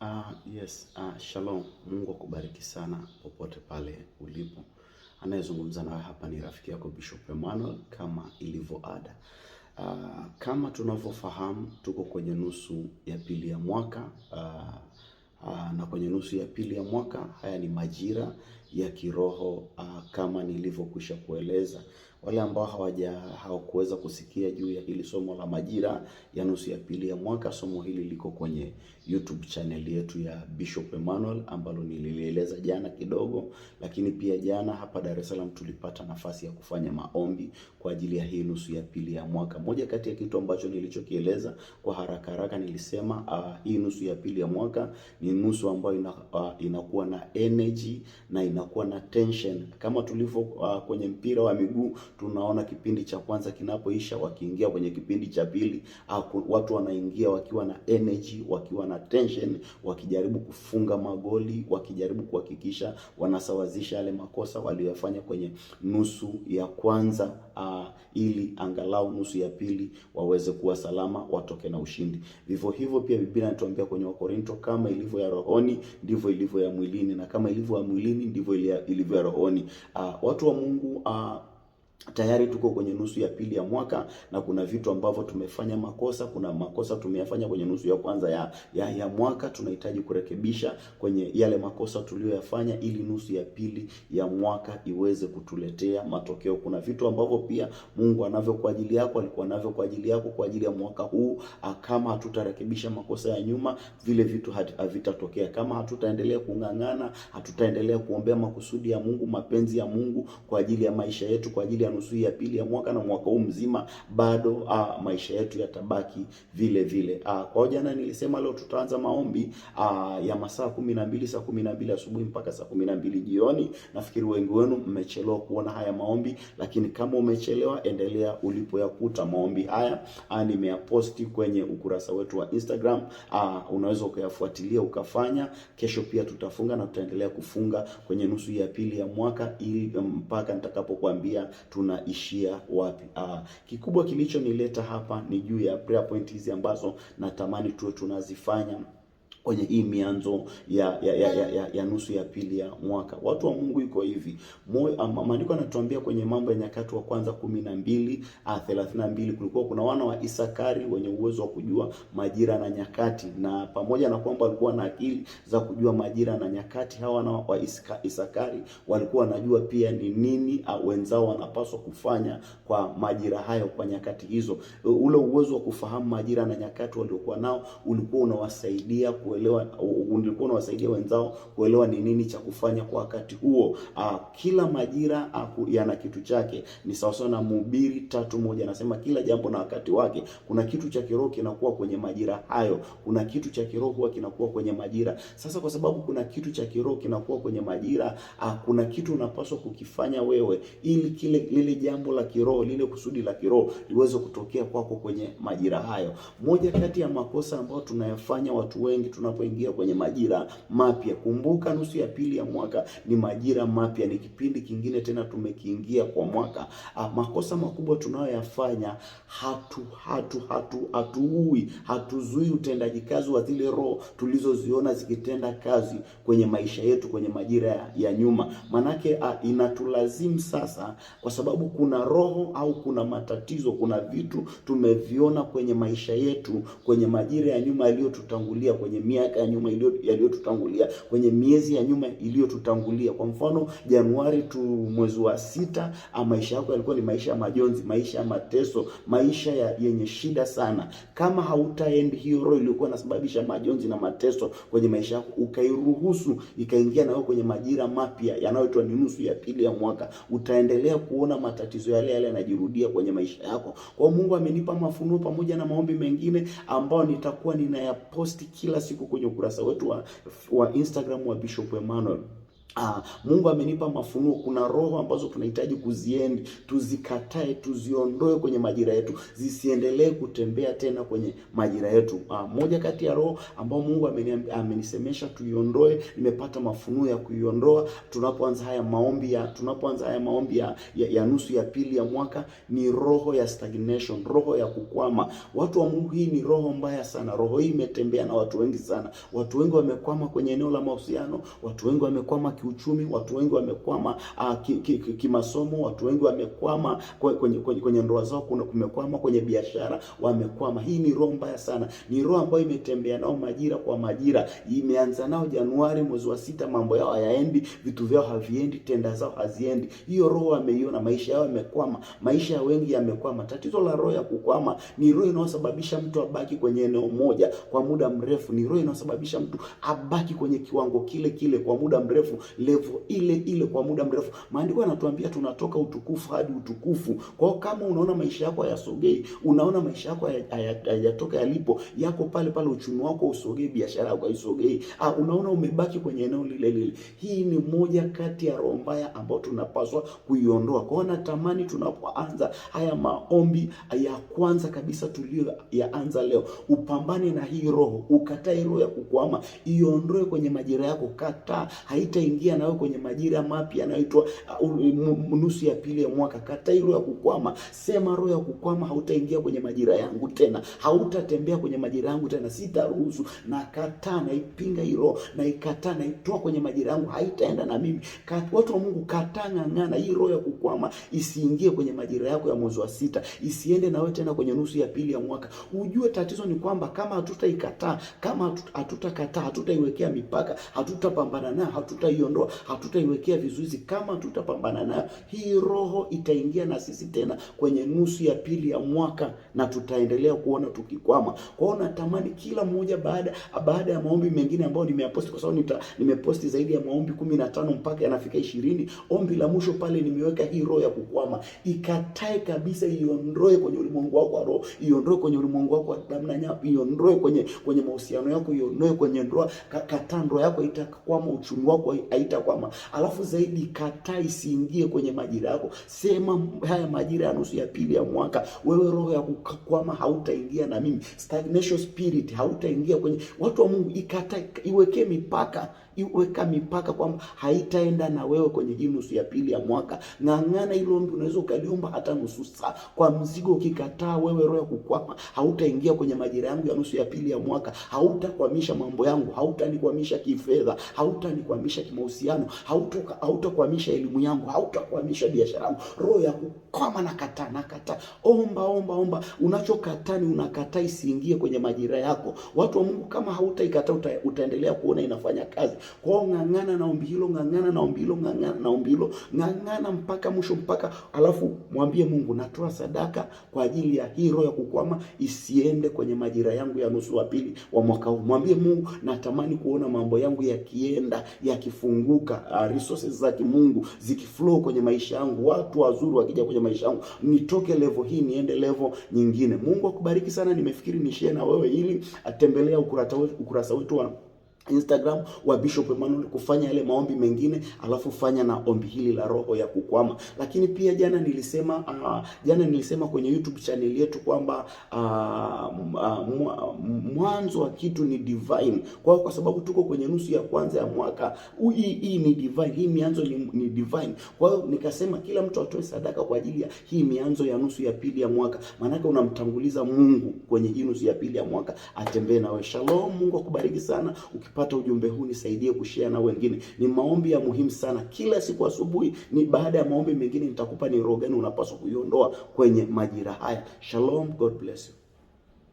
Uh, yes, uh, shalom. Mungu akubariki sana popote pale ulipo. Anayezungumza nawe hapa ni rafiki yako Bishop Emmanuel kama ilivyo ada. Uh, kama tunavyofahamu tuko kwenye nusu ya pili ya mwaka uh, uh, na kwenye nusu ya pili ya mwaka haya ni majira ya kiroho uh, kama nilivyokwisha kueleza wale ambao hawaja hawakuweza kusikia juu ya hili somo la majira ya nusu ya pili ya mwaka, somo hili liko kwenye YouTube channel yetu ya Bishop Emmanuel ambalo nililieleza jana kidogo, lakini pia jana hapa Dar es Salaam tulipata nafasi ya kufanya maombi kwa ajili ya hii nusu ya pili ya mwaka. Moja kati ya kitu ambacho nilichokieleza kwa haraka haraka nilisema uh, hii nusu ya pili ya mwaka ni nusu ambayo ina, uh, inakuwa na energy na inakuwa na tension kama tulivyo uh, kwenye mpira wa miguu tunaona kipindi cha kwanza kinapoisha, wakiingia kwenye kipindi cha pili, watu wanaingia wakiwa na energy, wakiwa na tension, wakijaribu kufunga magoli, wakijaribu kuhakikisha wanasawazisha yale makosa waliyofanya kwenye nusu ya kwanza, uh, ili angalau nusu ya pili waweze kuwa salama, watoke na ushindi. Vivyo hivyo pia Biblia inatuambia kwenye Wakorinto, kama ilivyo ya rohoni ndivyo ilivyo ya mwilini, na kama ilivyo ya mwilini ndivyo ilivyo ya rohoni. Uh, watu wa Mungu uh, tayari tuko kwenye nusu ya pili ya mwaka na kuna vitu ambavyo tumefanya makosa. Kuna makosa tumeyafanya kwenye nusu ya kwanza ya, ya, ya mwaka. Tunahitaji kurekebisha kwenye yale makosa tuliyoyafanya, ili nusu ya pili ya mwaka iweze kutuletea matokeo. Kuna vitu ambavyo pia Mungu anavyo kwa ajili yako, alikuwa navyo kwa ajili yako kwa ajili ya mwaka huu. Kama hatutarekebisha makosa ya nyuma, vile vitu havitatokea. Kama hatutaendelea kung'ang'ana, hatutaendelea kuombea makusudi ya Mungu, mapenzi ya Mungu kwa ajili ya maisha yetu, kwa ajili ya nusu ya pili ya mwaka na mwaka huu mzima bado a, maisha yetu yatabaki vile vile. Kwa jana nilisema leo tutaanza maombi a, ya masaa 12 mbili saa 12 asubuhi mpaka saa 12 jioni. Nafikiri wengi wenu mmechelewa kuona haya maombi, lakini kama umechelewa, endelea ulipoyakuta maombi haya. Nimeyaposti kwenye ukurasa wetu wa Instagram, Ah, unaweza ukayafuatilia ukafanya. Kesho pia tutafunga na tutaendelea kufunga kwenye nusu ya pili ya mwaka ili mpaka nitakapokuambia tunaishia wapi? Ah, kikubwa kilichonileta hapa ni juu ya prayer point hizi ambazo natamani tuwe tunazifanya kwenye hii mianzo ya ya, ya, ya, ya ya nusu ya pili ya mwaka. Watu wa Mungu iko hivi, maandiko yanatuambia kwenye Mambo ya Nyakati wa Kwanza kumi na mbili thelathini na mbili kulikuwa kuna wana wa Isakari wenye uwezo wa kujua majira na nyakati, na pamoja na kwamba walikuwa na akili za kujua majira na nyakati, hawa wana wa Isakari walikuwa wanajua pia ni nini wenzao wanapaswa kufanya kwa majira hayo, kwa nyakati hizo. Ule uwezo wa kufahamu majira na nyakati waliokuwa nao ulikuwa unawasaidia ku kuelewa, ulikuwa unawasaidia wenzao kuelewa ni nini cha kufanya kwa wakati huo. Uh, kila majira uh, yana kitu chake, ni sawasawa na Mhubiri tatu moja anasema kila jambo na wakati wake. Kuna kitu cha kiroho kinakuwa kwenye majira hayo, kuna kitu cha kiroho huwa kinakuwa kwenye majira. Sasa kwa sababu kuna kitu cha kiroho kinakuwa kwenye majira uh, kuna kitu unapaswa kukifanya wewe ili kile lile jambo la kiroho lile kusudi la kiroho liweze kutokea kwako kwenye majira hayo. Moja kati ya makosa ambayo tunayafanya watu wengi tuna tunapoingia kwenye majira mapya. Kumbuka nusu ya pili ya mwaka ni majira mapya, ni kipindi kingine tena tumekiingia kwa mwaka. Ah, makosa makubwa tunayoyafanya hatu hatu hatu hatuui hatuzui utendaji kazi wa zile roho tulizoziona zikitenda kazi kwenye maisha yetu kwenye majira ya, ya nyuma. Manake ah, inatulazimu sasa, kwa sababu kuna roho au kuna matatizo, kuna vitu tumeviona kwenye maisha yetu kwenye majira ya nyuma yaliyotutangulia kwenye miaka ya nyuma yaliyotutangulia, kwenye miezi ya nyuma iliyotutangulia. Kwa mfano Januari tu mwezi wa sita, maisha yako yalikuwa ni maisha ya majonzi, maisha ya mateso, maisha ya yenye shida sana. Kama hautaendi hiyo roho iliyokuwa inasababisha majonzi na mateso kwenye maisha yako, ukairuhusu ikaingia nawe kwenye majira mapya yanayoitwa ni nusu ya pili ya mwaka, utaendelea kuona matatizo yale yale yanajirudia kwenye maisha yako. Kwa Mungu amenipa mafunuo pamoja na maombi mengine ambayo nitakuwa ninayaposti kila siku siku kwenye ukurasa wetu wa, wa Instagram wa Bishop Emmanuel. Ah, Mungu amenipa mafunuo. Kuna roho ambazo tunahitaji kuziende, tuzikatae, tuziondoe kwenye majira yetu, zisiendelee kutembea tena kwenye majira yetu. Ah, moja kati ya roho ambao Mungu amenisemesha tuiondoe, nimepata mafunuo ya kuiondoa tunapoanza haya maombi ya tunapoanza haya maombi ya, ya, ya nusu ya pili ya mwaka ni roho ya stagnation, roho ya kukwama. Watu wa Mungu, hii ni roho mbaya sana. Roho hii imetembea na watu wengi sana. Watu wengi wamekwama kwenye eneo la mahusiano, watu wengi wamekwama ki kiuchumi, watu wengi wamekwama kimasomo ah, ki, ki, ki watu wengi wamekwama kwenye, kwenye, kwenye ndoa zao, kuna kumekwama kwenye biashara wamekwama. Hii ni roho mbaya sana, ni roho ambayo imetembea nao majira kwa majira, imeanza nao Januari mwezi wa sita, mambo yao hayaendi, vitu vyao haviendi, tenda zao haziendi. Hiyo roho ameiona, maisha yao yamekwama, maisha ya wengi yamekwama. Tatizo la roho ya kukwama ni roho inayosababisha mtu abaki kwenye eneo moja kwa muda mrefu, ni roho inayosababisha mtu abaki kwenye kiwango kile kile kwa muda mrefu, level ile ile kwa muda mrefu. Maandiko yanatuambia tunatoka utukufu hadi utukufu. Kwa kama unaona maisha yako hayasogei, unaona maisha yako hayajatoka yalipo, yako pale pale, uchumi wako usogei, biashara yako haisogei, ah, unaona umebaki kwenye eneo lile lile, hii ni moja kati ya roho mbaya ambayo tunapaswa kuiondoa. Kwa hiyo natamani tunapoanza haya maombi ya kwanza kabisa tulio yaanza leo, upambane na hii roho, ukatae roho ya kukwama, iondoe kwenye majira yako, kataa haita tunaingia nayo kwenye majira mapya yanayoitwa uh, nusu ya pili ya mwaka. Kata hilo ya kukwama, sema roho ya kukwama, hautaingia kwenye majira yangu tena, hautatembea kwenye majira yangu tena, sitaruhusu. Na Nakataa, naipinga hilo, naikataa, naitoa kwenye majira yangu, haitaenda na mimi. Watu wa Mungu, kataa, ng'ang'ana hii roho ya kukwama isiingie kwenye majira yako ya mwezi wa sita, isiende nawe tena kwenye nusu ya pili ya mwaka. Ujue tatizo ni kwamba kama hatutaikataa, kama hatutakataa, hatutaiwekea mipaka, hatutapambana nayo, hatutaio kuiondoa, hatutaiwekea vizuizi kama tutapambana nayo. Hii roho itaingia na sisi tena kwenye nusu ya pili ya mwaka, na tutaendelea kuona tukikwama kwao. Natamani kila mmoja baada baada ya maombi mengine ambayo nimeyaposti, kwa sababu nimeposti zaidi ya maombi 15 mpaka yanafika 20, Ombi la mwisho pale nimeweka hii roho ya kukwama, ikatae kabisa, iondoe kwenye ulimwengu wako wa roho, iondoe kwenye ulimwengu wako wa damu na nyama, iondoe kwenye kwenye mahusiano yako, iondoe kwenye ndoa. Kataa ndoa yako itakwama, uchumi wako haitakwama. Alafu zaidi, kataa isiingie kwenye majira yako. Sema haya majira ya nusu ya pili ya mwaka, wewe roho ya kukwama hautaingia na mimi, stagnation spirit hautaingia kwenye watu wa Mungu. Ikata, iwekee mipaka iweka mipaka kwamba haitaenda na wewe kwenye hii nusu ya pili ya mwaka. Ng'ang'ana hilo ombi, unaweza ukaliomba hata nusu saa kwa mzigo. Ukikataa wewe, roho ya kukwama hautaingia kwenye majira yangu ya nusu ya pili ya mwaka, hautakwamisha mambo yangu, hautanikwamisha kifedha, hautanikwamisha kimo mahusiano, hautakwamisha elimu yangu, hautakwamisha biashara yangu. Roho ya kukoma na kata na kata, omba omba omba, unachokataa ni unakataa isiingie kwenye majira yako. Watu wa Mungu, kama hautaikataa uta, utaendelea kuona inafanya kazi kwao. Ng'ang'ana na ombi hilo, ng'ang'ana na ombi hilo, ng'ang'ana na ombi hilo, ng'ang'ana mpaka mwisho, mpaka alafu mwambie Mungu, natoa sadaka kwa ajili ya hii roho ya kukwama isiende kwenye majira yangu ya nusu wa pili wa mwaka huu. Mwambie Mungu, natamani kuona mambo yangu yakienda yakifungua zinafunguka, uh, ah, resources za kimungu zikiflow kwenye maisha yangu, watu wazuri wakija kwenye maisha yangu, nitoke level hii niende level nyingine. Mungu akubariki sana. Nimefikiri nishie na wewe ili atembelea ukurasa wetu wa Instagram wa Bishop Emmanuel kufanya yale maombi mengine, alafu fanya na ombi hili la roho ya kukwama. Lakini pia jana nilisema uh, jana nilisema kwenye YouTube channel yetu kwamba uh, mwanzo wa kitu ni divine. Kwa kwa sababu tuko kwenye nusu ya kwanza ya mwaka hii, hii ni divine, hii mianzo ni, ni divine. Kwa hiyo nikasema kila mtu atoe sadaka kwa ajili ya hii mianzo ya nusu ya pili ya mwaka, maanake unamtanguliza Mungu kwenye hii nusu ya pili ya mwaka, atembee nawe. Shalom, Mungu akubariki sana Uki pata ujumbe huu, nisaidie kushare na wengine. Ni maombi ya muhimu sana. Kila siku asubuhi, ni baada ya maombi mengine, nitakupa ni roho gani unapaswa kuiondoa kwenye majira haya. Shalom, God bless you.